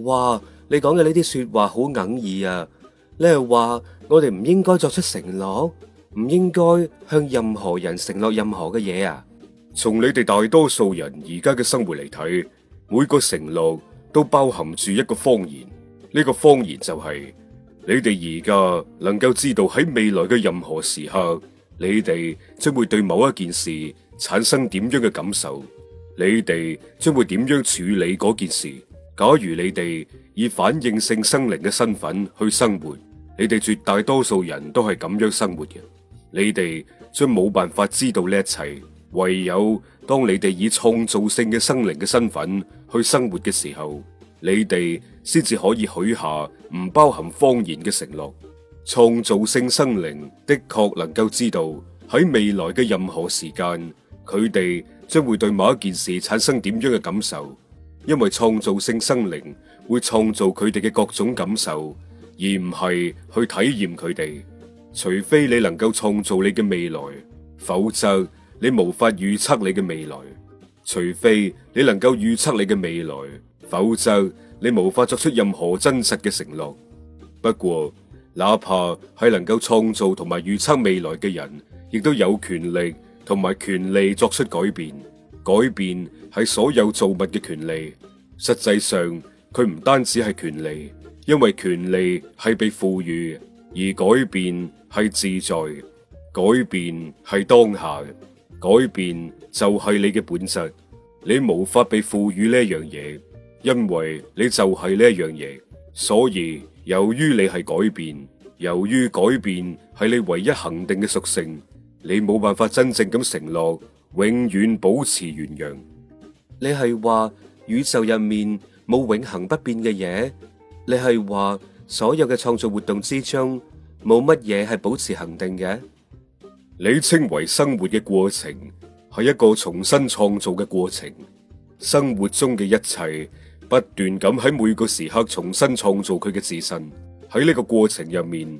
哇，你講嘅呢啲說話好哽意啊！你係話我哋唔應該作出承諾，唔應該向任何人承諾任何嘅嘢啊。從你哋大多數人而家嘅生活嚟睇，每個承諾都包含住一個謊言。呢、這個謊言就係、是、你哋而家能夠知道喺未來嘅任何時刻，你哋將會對某一件事產生點樣嘅感受，你哋將會點樣處理嗰件事。假如你哋以反應性生靈嘅身份去生活，你哋絕大多數人都係咁樣生活嘅，你哋將冇辦法知道呢一切。唯有當你哋以創造性嘅生靈嘅身份去生活嘅時候，你哋先至可以許下唔包含謊言嘅承諾。創造性生靈的確能夠知道喺未來嘅任何時間，佢哋將會對某一件事產生點樣嘅感受。因為創造性生靈會創造佢哋嘅各種感受，而唔係去體驗佢哋。除非你能夠創造你嘅未來，否則你無法預測你嘅未來。除非你能夠預測你嘅未來，否則你無法作出任何真實嘅承諾。不過，哪怕係能夠創造同埋預測未來嘅人，亦都有權力同埋權利作出改變。改變係所有造物嘅權利，實際上佢唔單止係權利，因為權利係被賦予，而改變係自在，改變係當下，改變就係你嘅本質。你無法被賦予呢樣嘢，因為你就係呢樣嘢。所以由於你係改變，由於改變係你唯一恆定嘅屬性，你冇辦法真正咁承諾永遠保持原樣。你係話宇宙入面冇永恒不變嘅嘢？你係話所有嘅創造活動之中冇乜嘢係保持恒定嘅？你稱為生活嘅過程係一個重新創造嘅過程。生活中嘅一切不斷咁喺每個時刻重新創造佢嘅自身。喺呢個過程入面，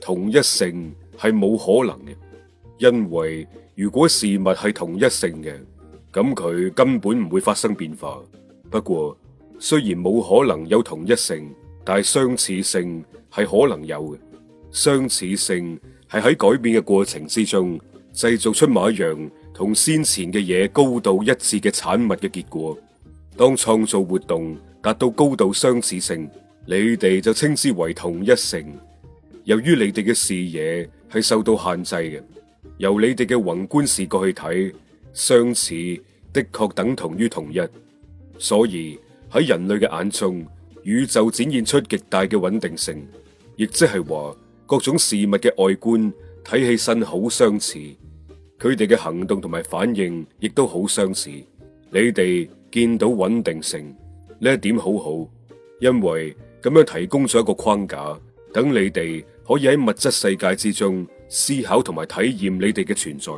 同一性係冇可能嘅，因為。如果事物係同一性嘅，咁佢根本唔會發生變化。不過雖然冇可能有同一性，但係相似性係可能有嘅。相似性係喺改變嘅過程之中製造出某一樣同先前嘅嘢高度一致嘅產物嘅結果。當創造活動達到高度相似性，你哋就稱之為同一性。由於你哋嘅視野係受到限制嘅。由你哋嘅宏觀視角去睇，相似的確等同於同一，所以喺人類嘅眼中，宇宙展現出極大嘅穩定性，亦即係話各種事物嘅外觀睇起身好相似，佢哋嘅行動同埋反應亦都好相似。你哋見到穩定性呢一點好好，因為咁樣提供咗一個框架，等你哋可以喺物質世界之中。思考同埋體驗你哋嘅存在，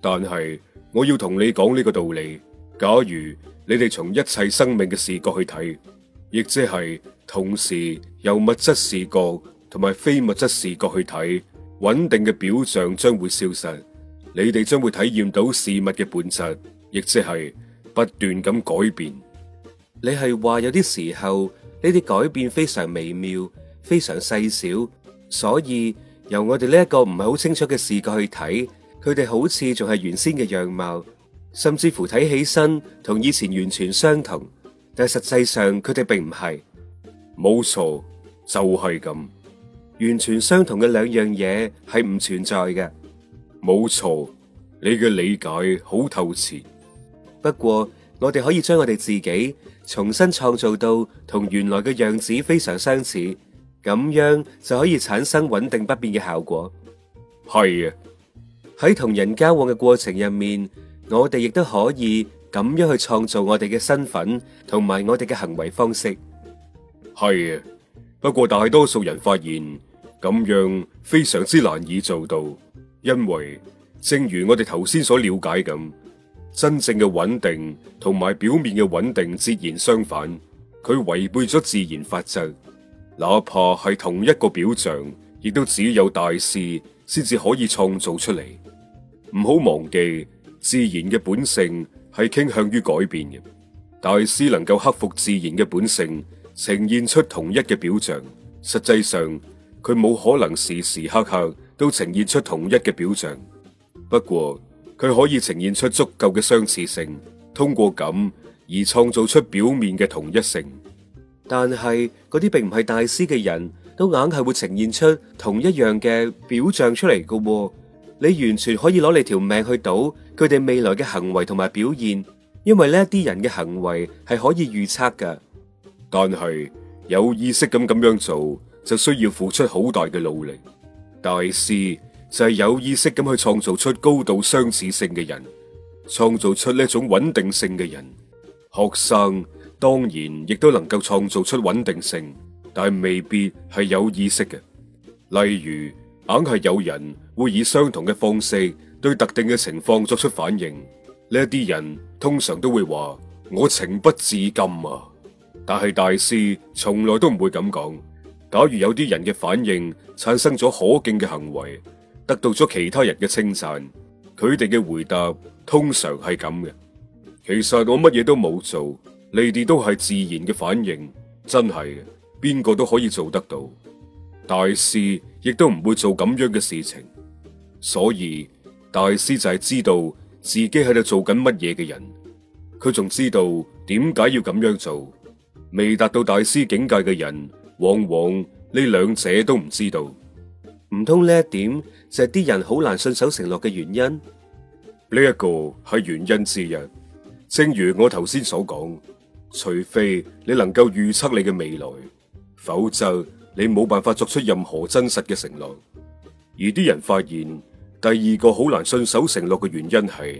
但係我要同你講呢個道理：假如你哋從一切生命嘅視角去睇，亦即係同時由物質視角同埋非物質視角去睇，穩定嘅表象將會消失，你哋將會體驗到事物嘅本質，亦即係不斷咁改變。你係話有啲時候呢啲改變非常微妙，非常細小，所以。由我哋呢一個唔係好清楚嘅視角去睇，佢哋好似仲係原先嘅樣貌，甚至乎睇起身同以前完全相同，但係實際上佢哋並唔係。冇錯，就係咁，完全相同嘅兩樣嘢係唔存在嘅。冇錯，你嘅理解好透徹。不過我哋可以將我哋自己重新創造到同原來嘅樣子非常相似。咁樣就可以產生穩定不變嘅效果。係啊，喺同人交往嘅過程入面，我哋亦都可以咁樣去創造我哋嘅身份同埋我哋嘅行為方式。係啊，不過大多數人發現咁樣非常之難以做到，因為正如我哋頭先所了解咁，真正嘅穩定同埋表面嘅穩定截然相反，佢違背咗自然法則。.哪怕係同一個表象，亦都只有大師先至可以創造出嚟。唔好忘記，自然嘅本性係傾向於改變嘅。大師能夠克服自然嘅本性，呈現出同一嘅表象。實際上，佢冇可能時時刻刻都呈現出同一嘅表象。不過，佢可以呈現出足夠嘅相似性，通過咁而創造出表面嘅同一性。但係嗰啲並唔係大師嘅人都硬係會呈現出同一樣嘅表象出嚟噶哦，你完全可以攞你條命去賭佢哋未來嘅行為同埋表現，因為呢一啲人嘅行為係可以預測噶。但係有意識咁咁樣做，就需要付出好大嘅努力。大師就係有意識咁去創造出高度相似性嘅人，創造出呢一種穩定性嘅人。學生。當然，亦都能夠創造出穩定性，但未必係有意識嘅。例如，硬係有人會以相同嘅方式對特定嘅情況作出反應，呢啲人通常都會話：我情不自禁啊！但係大師從來都唔會咁講。假如有啲人嘅反應產生咗可敬嘅行為，得到咗其他人嘅稱讚，佢哋嘅回答通常係咁嘅。其實我乜嘢都冇做。你哋都係自然嘅反應，真係，邊個都可以做得到。大師亦都唔會做咁樣嘅事情，所以大師就係知道自己喺度做緊乜嘢嘅人，佢仲知道點解要咁樣做。未達到大師境界嘅人，往往呢兩者都唔知道。唔通呢一點就係啲人好難信守承諾嘅原因？呢一個係原因之一，正如我頭先所講。除非你能夠預測你嘅未來，否則你冇辦法作出任何真實嘅承諾。而啲人發現，第二個好難信守承諾嘅原因係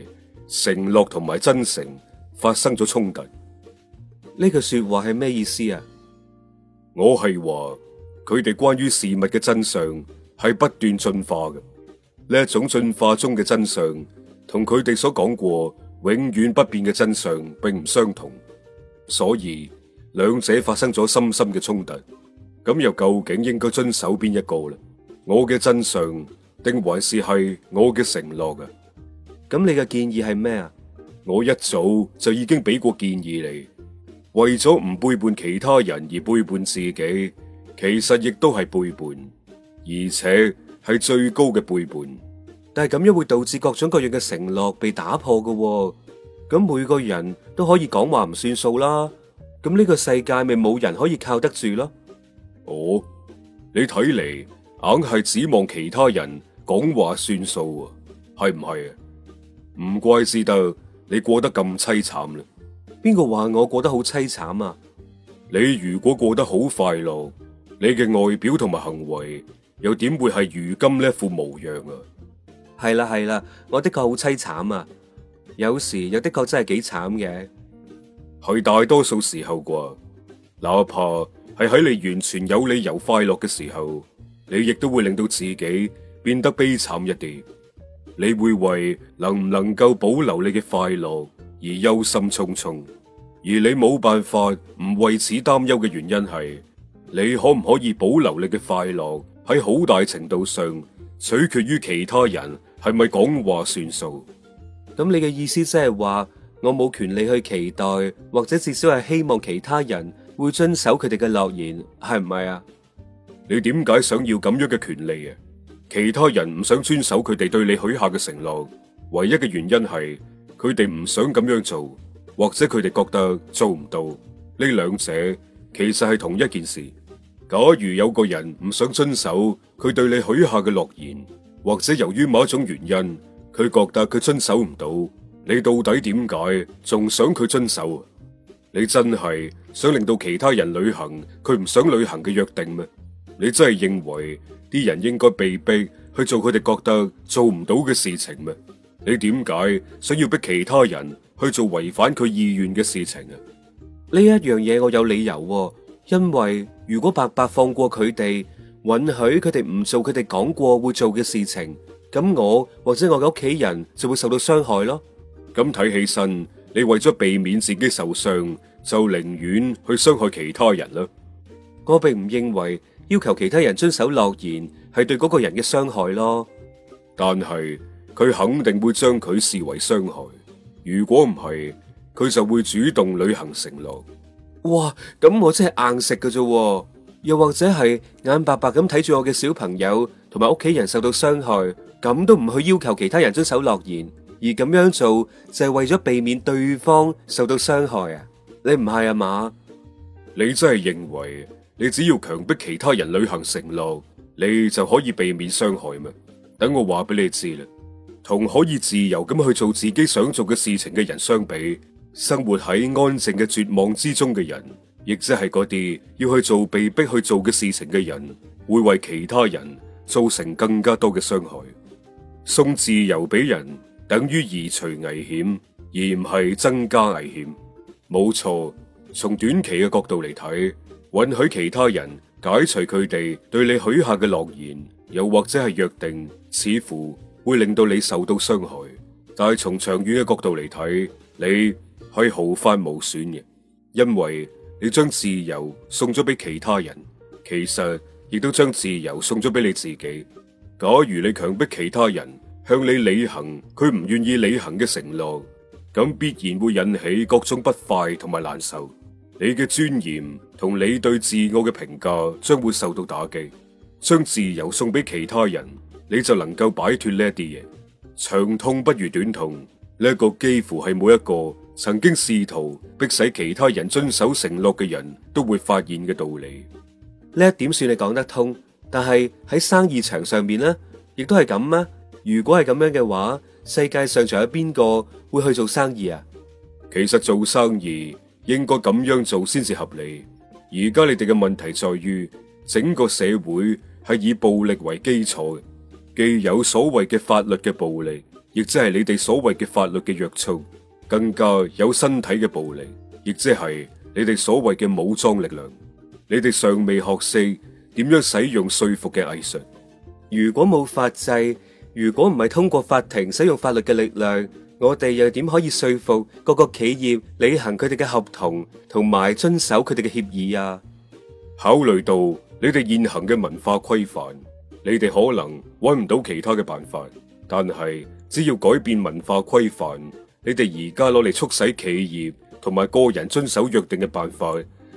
承諾同埋真誠發生咗衝突。呢句說話係咩意思啊？我係話，佢哋關於事物嘅真相係不斷進化嘅。呢一種進化中嘅真相同佢哋所講過永遠不變嘅真相並唔相同。所以兩者發生咗深深嘅衝突，咁又究竟應該遵守邊一個呢？我嘅真相定還是係我嘅承諾啊？咁你嘅建議係咩啊？我一早就已經俾過建議你，為咗唔背叛其他人而背叛自己，其實亦都係背叛，而且係最高嘅背叛。但係咁樣會導致各種各樣嘅承諾被打破㗎喎。咁每個人都可以講話唔算數啦，咁呢個世界咪冇人可以靠得住咯？哦，你睇嚟硬係指望其他人講話算數啊？係唔係啊？唔怪之得你過得咁淒慘啦！邊個話我過得好淒慘啊？你如果過得好快樂，你嘅外表同埋行為又點會係如今呢副模樣啊？係啦係啦，我的確好淒慘啊！有時又的確真係幾慘嘅，係大多數時候啩，哪怕係喺你完全有理由快樂嘅時候，你亦都會令到自己變得悲慘一啲。你會為能唔能夠保留你嘅快樂而憂心忡忡，而你冇辦法唔為此擔憂嘅原因係，你可唔可以保留你嘅快樂，喺好大程度上取決於其他人係咪講話算數。咁你嘅意思即係話我冇權利去期待，或者至少係希望其他人會遵守佢哋嘅諾言，係唔係啊？你點解想要咁樣嘅權利啊？其他人唔想遵守佢哋對你許下嘅承諾，唯一嘅原因係佢哋唔想咁樣做，或者佢哋覺得做唔到。呢兩者其實係同一件事。假如有個人唔想遵守佢對你許下嘅諾言，或者由於某一種原因。佢覺得佢遵守唔到，你到底點解仲想佢遵守？你真係想令到其他人旅行，佢唔想旅行嘅約定咩？你真係認為啲人應該被逼去做佢哋覺得做唔到嘅事情咩？你點解想要逼其他人去做違反佢意願嘅事情啊？呢一樣嘢我有理由哦，因為如果白白放過佢哋，允許佢哋唔做佢哋講過會做嘅事情。咁我或者我嘅屋企人就會受到傷害咯。咁睇起身，你為咗避免自己受傷，就寧願去傷害其他人啦。我並唔認為要求其他人遵守諾言係對嗰個人嘅傷害咯。但係佢肯定會將佢視為傷害。如果唔係，佢就會主動履行承諾。哇，咁我真係硬食㗎啫，又或者係眼白白咁睇住我嘅小朋友同埋屋企人受到傷害。咁都唔去要求其他人遵守諾言，而咁樣做就係為咗避免對方受到傷害啊？你唔係啊嘛？你真係認為你只要強迫其他人履行承諾，你就可以避免傷害咩？等我話俾你知啦。同可以自由咁去做自己想做嘅事情嘅人相比，生活喺安靜嘅絕望之中嘅人，亦即係嗰啲要去做被逼去做嘅事情嘅人，會為其他人造成更加多嘅傷害。送自由俾人，等於移除危險，而唔係增加危險。冇錯，從短期嘅角度嚟睇，允許其他人解除佢哋對你許下嘅諾言，又或者係約定，似乎會令到你受到傷害。但係從長遠嘅角度嚟睇，你係毫髮無損嘅，因為你將自由送咗俾其他人，其實亦都將自由送咗俾你自己。假如你強迫其他人向你履行佢唔願意履行嘅承諾，咁必然會引起各種不快同埋難受。你嘅尊嚴同你對自我嘅評價將會受到打擊。將自由送俾其他人，你就能夠擺脫呢啲嘢。長痛不如短痛，呢個幾乎係每一個曾經試圖迫使其他人遵守承諾嘅人都會發現嘅道理。呢一點算你講得通。但係喺生意場上面呢，亦都係咁啊！如果係咁樣嘅話，世界上仲有邊個會去做生意啊？其實做生意應該咁樣做先至合理。而家你哋嘅問題在於，整個社會係以暴力為基礎，既有所謂嘅法律嘅暴力，亦即係你哋所謂嘅法律嘅約束；更加有身體嘅暴力，亦即係你哋所謂嘅武裝力量。你哋尚未學識。點樣使用說服嘅藝術？如果冇法制，如果唔係通過法庭使用法律嘅力量，我哋又點可以說服各個企業履行佢哋嘅合同同埋遵守佢哋嘅協議啊？考慮到你哋現行嘅文化規範，你哋可能搵唔到其他嘅辦法。但係只要改變文化規範，你哋而家攞嚟促使企業同埋個人遵守約定嘅辦法，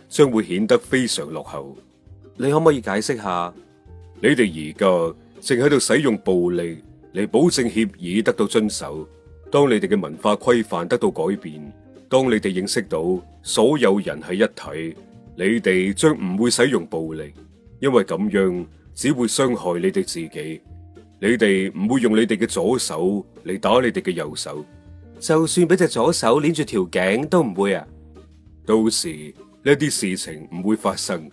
將會顯得非常落後。你可唔可以解釋下？你哋而家正喺度使用暴力嚟保證協議得到遵守。當你哋嘅文化規範得到改變，當你哋認識到所有人係一體，你哋將唔會使用暴力，因為咁樣只會傷害你哋自己。你哋唔會用你哋嘅左手嚟打你哋嘅右手，就算俾隻左手鏈住條頸都唔會啊。到時呢啲事情唔會發生。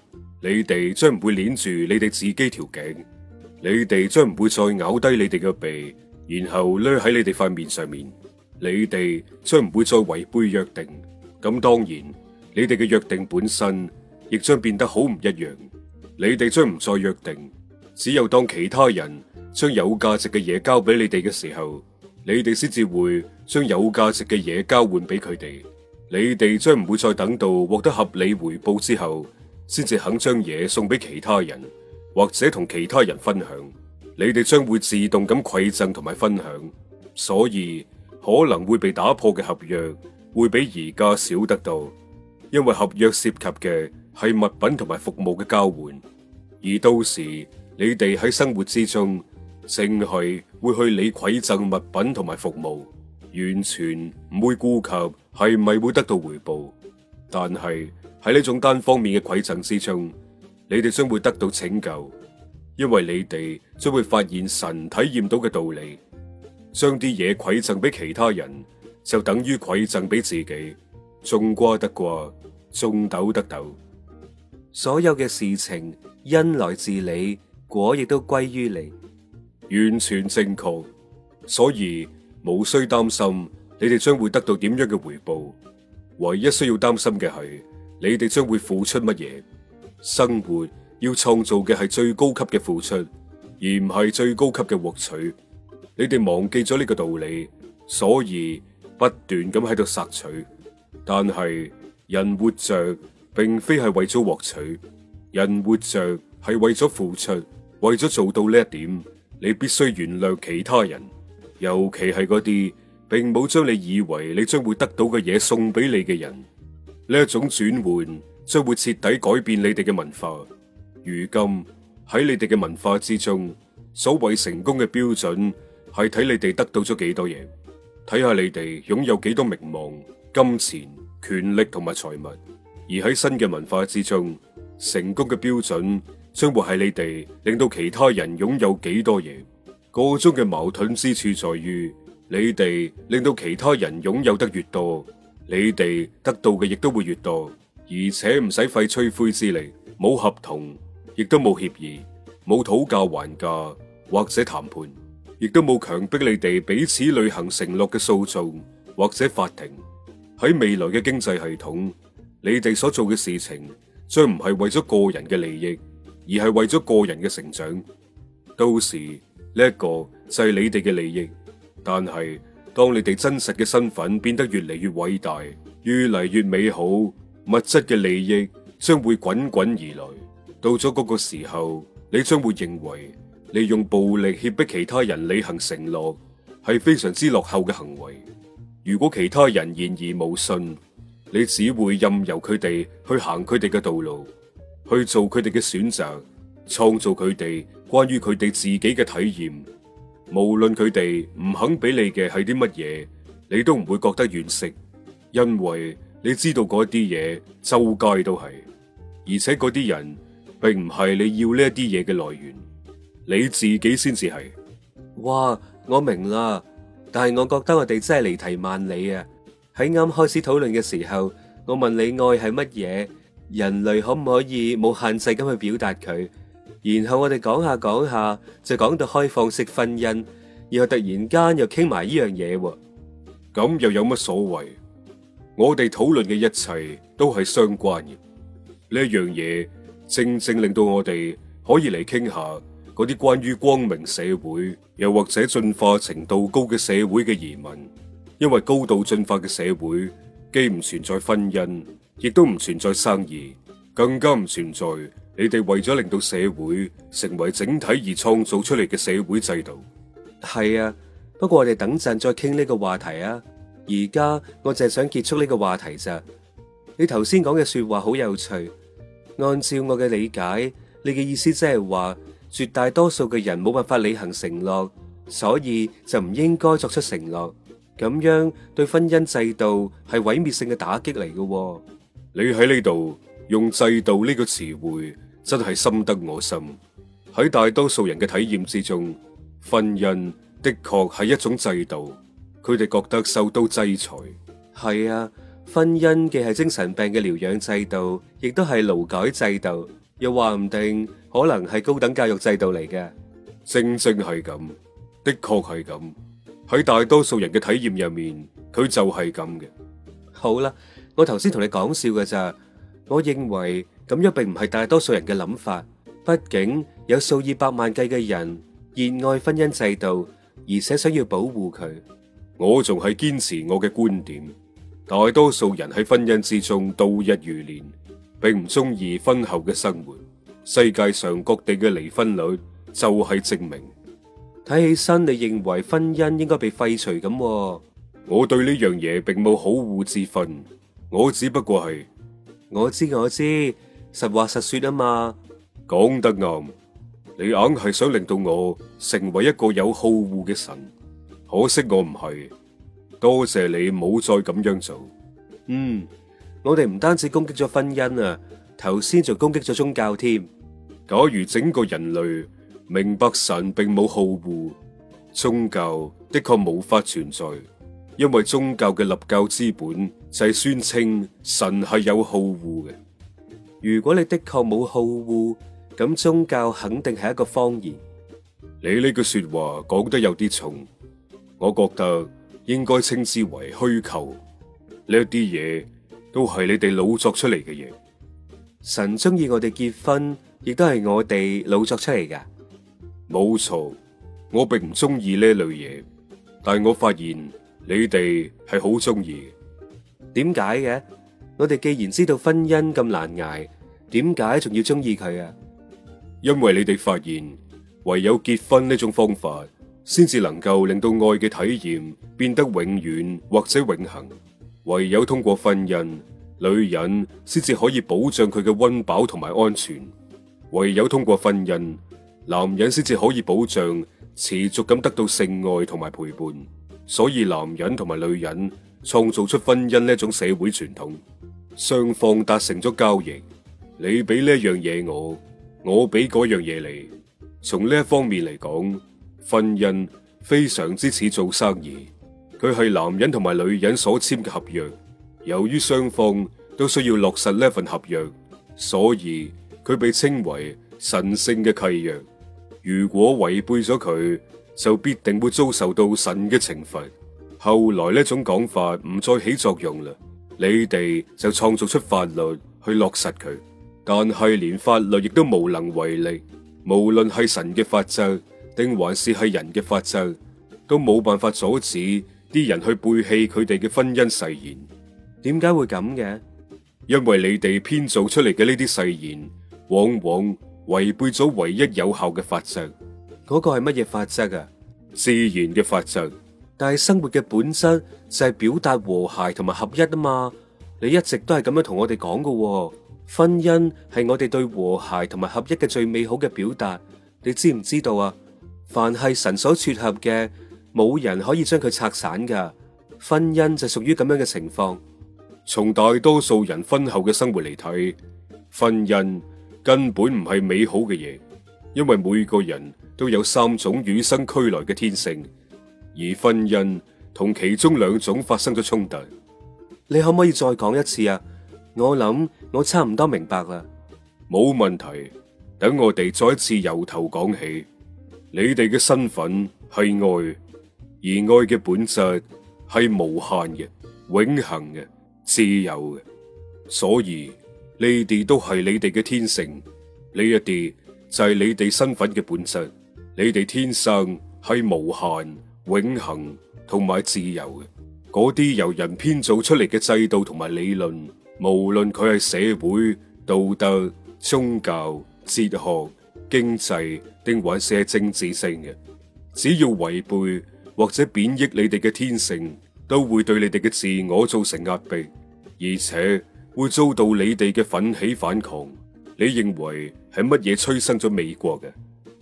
你哋將唔會鏈住你哋自己條頸，你哋將唔會再咬低你哋嘅鼻，然後甩喺你哋塊面上面。你哋將唔會再違背約定，咁當然，你哋嘅約定本身亦將變得好唔一樣。你哋將唔再約定，只有當其他人將有價值嘅嘢交俾你哋嘅時候，你哋先至會將有價值嘅嘢交換俾佢哋。你哋將唔會再等到獲得合理回報之後。先至肯將嘢送俾其他人，或者同其他人分享。你哋將會自動咁饋贈同埋分享，所以可能會被打破嘅合約會比而家少得到，因為合約涉及嘅係物品同埋服務嘅交換，而到時你哋喺生活之中淨係會去理饋贈物品同埋服務，完全唔會顧及係咪會得到回報，但係。喺呢種單方面嘅饋贈之中，你哋將會得到拯救，因為你哋將會發現神體驗到嘅道理。將啲嘢饋贈俾其他人，就等於饋贈俾自己。種瓜得瓜，種豆得豆，所有嘅事情因來自你，果亦都歸於你，完全正確。所以無需擔心，你哋將會得到點樣嘅回報。唯一需要擔心嘅係。你哋將會付出乜嘢？生活要創造嘅係最高級嘅付出，而唔係最高級嘅獲取。你哋忘記咗呢個道理，所以不斷咁喺度索取。但係人活着並非係為咗獲取，人活着係為咗付出。為咗做到呢一點，你必須原諒其他人，尤其係嗰啲並冇將你以為你將會得到嘅嘢送俾你嘅人。呢種轉換將會徹底改變你哋嘅文化。如今喺你哋嘅文化之中，所謂成功嘅標準係睇你哋得到咗幾多嘢，睇下你哋擁有幾多名望、金錢、權力同埋財物。而喺新嘅文化之中，成功嘅標準將會係你哋令到其他人擁有幾多嘢。個中嘅矛盾之處在於，你哋令到其他人擁有得越多。你哋得到嘅亦都會越多，而且唔使費吹灰之力，冇合同，亦都冇協議，冇討價還價或者談判，亦都冇強迫你哋彼此履行承諾嘅訴訟或者法庭。喺未來嘅經濟系統，你哋所做嘅事情，將唔係為咗個人嘅利益，而係為咗個人嘅成長。到時呢一個就係你哋嘅利益，但係，當你哋真實嘅身份變得越嚟越偉大、越嚟越美好，物質嘅利益將會滾滾而來。到咗嗰個時候，你將會認為利用暴力脅迫其他人履行承諾係非常之落後嘅行為。如果其他人言而無信，你只會任由佢哋去行佢哋嘅道路，去做佢哋嘅選擇，創造佢哋關於佢哋自己嘅體驗。無論佢哋唔肯俾你嘅係啲乜嘢，你都唔會覺得惋惜，因為你知道嗰啲嘢周街都係，而且嗰啲人並唔係你要呢一啲嘢嘅來源，你自己先至係。哇，我明啦，但係我覺得我哋真係離題萬里啊！喺啱開始討論嘅時候，我問你愛係乜嘢，人類可唔可以冇限制咁去表達佢？然後我哋講下講下，就講到開放式婚姻，然後突然間又傾埋呢樣嘢喎，咁又有乜所謂？我哋討論嘅一切都係相關嘅，呢樣嘢，正正令到我哋可以嚟傾下嗰啲關於光明社會，又或者進化程度高嘅社會嘅疑問，因為高度進化嘅社會既唔存在婚姻，亦都唔存在生意，更加唔存在。你哋為咗令到社會成為整體而創造出嚟嘅社會制度，係啊。不過我哋等陣再傾呢個話題啊。而家我淨係想結束呢個話題咋。你頭先講嘅說話好有趣。按照我嘅理解，你嘅意思即係話，絕大多數嘅人冇辦法履行承諾，所以就唔應該作出承諾。咁樣對婚姻制度係毀滅性嘅打擊嚟嘅。你喺呢度。用制度呢個詞彙真係深得我心。喺大多數人嘅體驗之中，婚姻的確係一種制度。佢哋覺得受到制裁，係啊。婚姻既係精神病嘅療養制度，亦都係勞改制度，又話唔定可能係高等教育制度嚟嘅。正正係咁，的確係咁。喺大多數人嘅體驗入面，佢就係咁嘅。好啦，我頭先同你講笑嘅咋。我認為咁樣並唔係大多數人嘅諗法，畢竟有數以百萬計嘅人熱愛婚姻制度，而且想要保護佢。我仲係堅持我嘅觀點，大多數人喺婚姻之中度日如年，並唔中意婚後嘅生活。世界上各地嘅離婚率就係證明。睇起身，你認為婚姻應該被廢除咁？我對呢樣嘢並冇好惡之分，我只不過係。我知我知，實話實說啊嘛，講得啱。你硬係想令到我成為一個有好護嘅神，可惜我唔係。多謝你冇再咁樣做。嗯，我哋唔單止攻擊咗婚姻啊，頭先就攻擊咗宗教添。假如整個人類明白神並冇好護，宗教的確無法存在，因為宗教嘅立教之本。就係宣稱神係有好惡嘅。如果你的確冇好惡，咁宗教肯定係一個謊言。你呢句說話講得有啲重，我覺得應該稱之為虛構。呢一啲嘢都係你哋老作出嚟嘅嘢。神中意我哋結婚，亦都係我哋老作出嚟噶。冇錯，我並唔中意呢類嘢，但我發現你哋係好中意。點解嘅？我哋既然知道婚姻咁難捱，點解仲要中意佢啊？因為你哋發現，唯有結婚呢種方法，先至能夠令到愛嘅體驗變得永遠或者永恆。唯有通過婚姻，女人先至可以保障佢嘅溫飽同埋安全；唯有通過婚姻，男人先至可以保障持續咁得到性愛同埋陪伴。所以，男人同埋女人。創造出婚姻呢種社會傳統，雙方達成咗交易，你俾呢樣嘢我，我俾嗰樣嘢你。從呢一方面嚟講，婚姻非常之似做生意，佢係男人同埋女人所簽嘅合約。由於雙方都需要落實呢份合約，所以佢被稱為神聖嘅契約。如果違背咗佢，就必定會遭受到神嘅懲罰。後來呢種講法唔再起作用啦，你哋就創造出法律去落實佢，但係連法律亦都無能為力。無論係神嘅法則，定還是係人嘅法則，都冇辦法阻止啲人去背棄佢哋嘅婚姻誓言。點解會咁嘅？因為你哋編造出嚟嘅呢啲誓言，往往違背咗唯一有效嘅法則。嗰個係乜嘢法則啊？自然嘅法則。但係生活嘅本質就係表達和諧同埋合一啊嘛，你一直都係咁樣同我哋講噶喎，婚姻係我哋對和諧同埋合一嘅最美好嘅表達。你知唔知道啊？凡係神所撮合嘅，冇人可以將佢拆散噶。婚姻就屬於咁樣嘅情況。從大多數人婚後嘅生活嚟睇，婚姻根本唔係美好嘅嘢，因為每個人都有三種與生俱來嘅天性。而婚姻同其中兩種發生咗衝突，你可唔可以再講一次啊？我諗我差唔多明白啦。冇問題，等我哋再一次由頭講起。你哋嘅身份係愛，而愛嘅本質係無限嘅、永恒嘅、自由嘅，所以呢啲都係你哋嘅天性。呢一啲就係你哋身份嘅本質。你哋天生係無限。永恆同埋自由嘅。嗰啲由人編造出嚟嘅制度同埋理論，無論佢係社會、道德、宗教、哲學、經濟，定還是係政治性嘅，只要違背或者貶抑你哋嘅天性，都會對你哋嘅自我造成壓迫，而且會遭到你哋嘅奮起反抗。你認為係乜嘢催生咗美國嘅？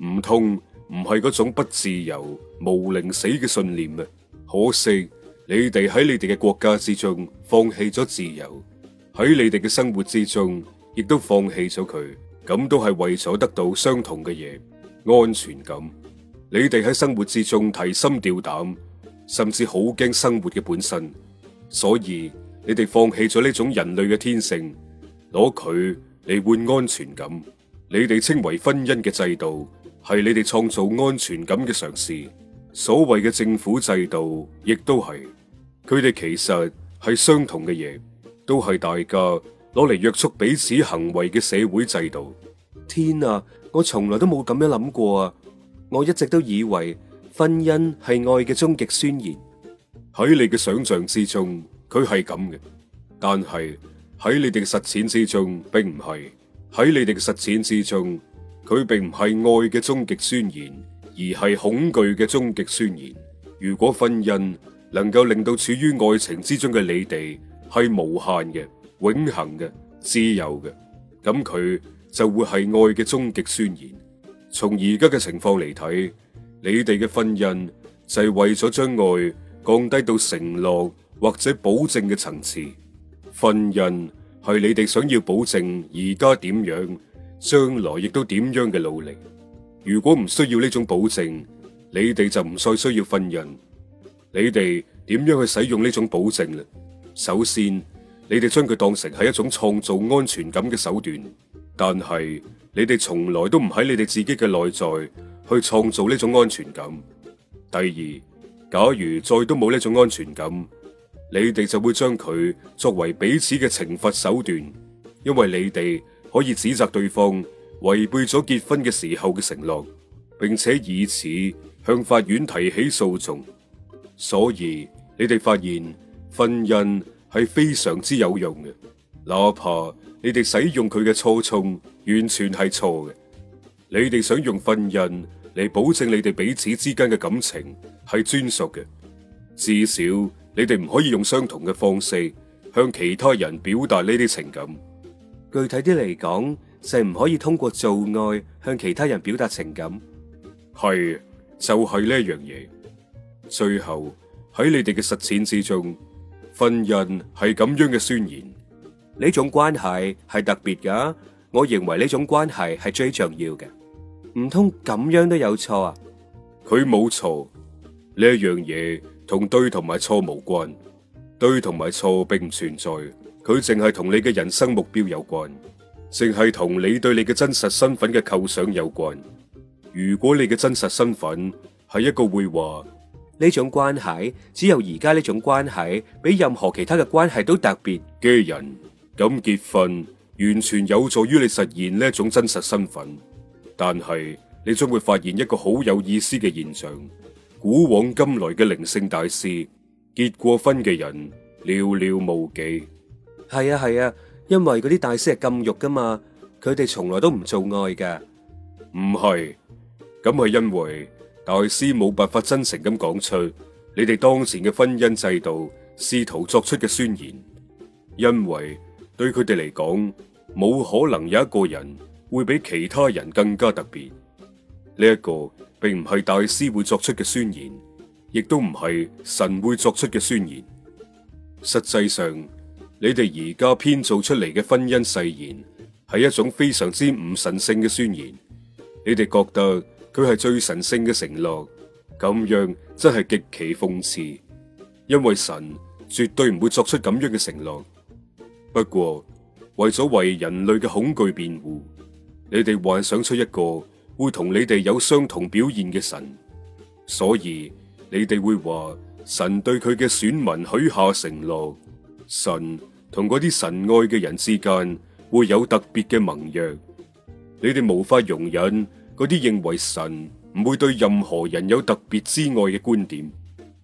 唔通？唔係嗰種不自由、毋寧死嘅信念啊！可惜你哋喺你哋嘅國家之中放棄咗自由，喺你哋嘅生活之中亦都放棄咗佢，咁都係為咗得到相同嘅嘢安全感。你哋喺生活之中提心吊膽，甚至好驚生活嘅本身，所以你哋放棄咗呢種人類嘅天性，攞佢嚟換安全感。你哋稱為婚姻嘅制度，係你哋創造安全感嘅嘗試，所謂嘅政府制度亦都係，佢哋其實係相同嘅嘢，都係大家攞嚟約束彼此行為嘅社會制度。天啊，我從來都冇咁樣諗過啊！我一直都以為婚姻係愛嘅終極宣言，喺你嘅想象之中佢係咁嘅，但係喺你哋實踐之中並唔係，喺你哋實踐之中。佢並唔係愛嘅終極宣言，而係恐懼嘅終極宣言。如果婚姻能夠令到處於愛情之中嘅你哋係無限嘅、永恆嘅、自由嘅，咁佢就會係愛嘅終極宣言。從而家嘅情況嚟睇，你哋嘅婚姻就係為咗將愛降低到承諾或者保證嘅層次。婚姻係你哋想要保證而家點樣？將來亦都點樣嘅努力？如果唔需要呢種保證，你哋就唔再需要婚姻。你哋點樣去使用呢種保證咧？首先，你哋將佢當成係一種創造安全感嘅手段。但係，你哋從來都唔喺你哋自己嘅內在去創造呢種安全感。第二，假如再都冇呢種安全感，你哋就會將佢作為彼此嘅懲罰手段，因為你哋。可以指責對方違背咗結婚嘅時候嘅承諾，並且以此向法院提起訴訟。所以你哋發現婚姻係非常之有用嘅，哪怕你哋使用佢嘅初衷完全係錯嘅。你哋想用婚姻嚟保證你哋彼此之間嘅感情係專屬嘅，至少你哋唔可以用相同嘅方式向其他人表達呢啲情感。具體啲嚟講，就唔可以通過做愛向其他人表達情感。係，就係呢樣嘢。最後喺你哋嘅實踐之中，婚姻係咁樣嘅宣言。呢種關係係特別㗎，我認為呢種關係係最重要嘅。唔通咁樣都有錯啊？佢冇錯，呢樣嘢同對同埋錯無關，對同埋錯並唔存在。佢淨係同你嘅人生目標有關，淨係同你對你嘅真實身份嘅構想有關。如果你嘅真實身份係一個會話呢種關係，只有而家呢種關係比任何其他嘅關係都特別嘅人，咁結婚完全有助於你實現呢種真實身份。但係你將會發現一個好有意思嘅現象：古往今來嘅靈性大師結過婚嘅人寥寥無幾。係啊，係啊，因為嗰啲大師係禁慾噶嘛，佢哋從來都唔做愛嘅。唔係咁，係因為大師冇辦法真誠咁講出你哋當前嘅婚姻制度試圖作出嘅宣言，因為對佢哋嚟講冇可能有一個人會比其他人更加特別。呢一個並唔係大師會作出嘅宣言，亦都唔係神會作出嘅宣言。實際上。你哋而家編造出嚟嘅婚姻誓言係一種非常之唔神聖嘅宣言，你哋覺得佢係最神聖嘅承諾，咁樣真係極其諷刺，因為神絕對唔會作出咁樣嘅承諾。不過為咗為人類嘅恐懼辯護，你哋幻想出一個會同你哋有相同表現嘅神，所以你哋會話神對佢嘅選民許下承諾，神。同嗰啲神愛嘅人之間會有特別嘅盟約，你哋無法容忍嗰啲認為神唔會對任何人有特別之愛嘅觀點，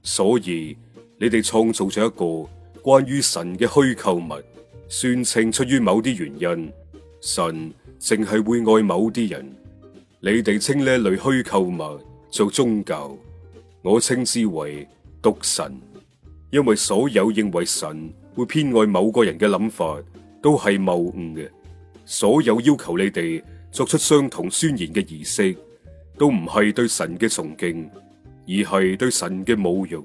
所以你哋創造咗一個關於神嘅虛構物，宣稱出於某啲原因，神淨係會愛某啲人，你哋稱呢一類虛構物做宗教，我稱之為獨神，因為所有認為神。會偏愛某個人嘅諗法，都係謬誤嘅。所有要求你哋作出相同宣言嘅儀式，都唔係對神嘅崇敬，而係對神嘅侮辱。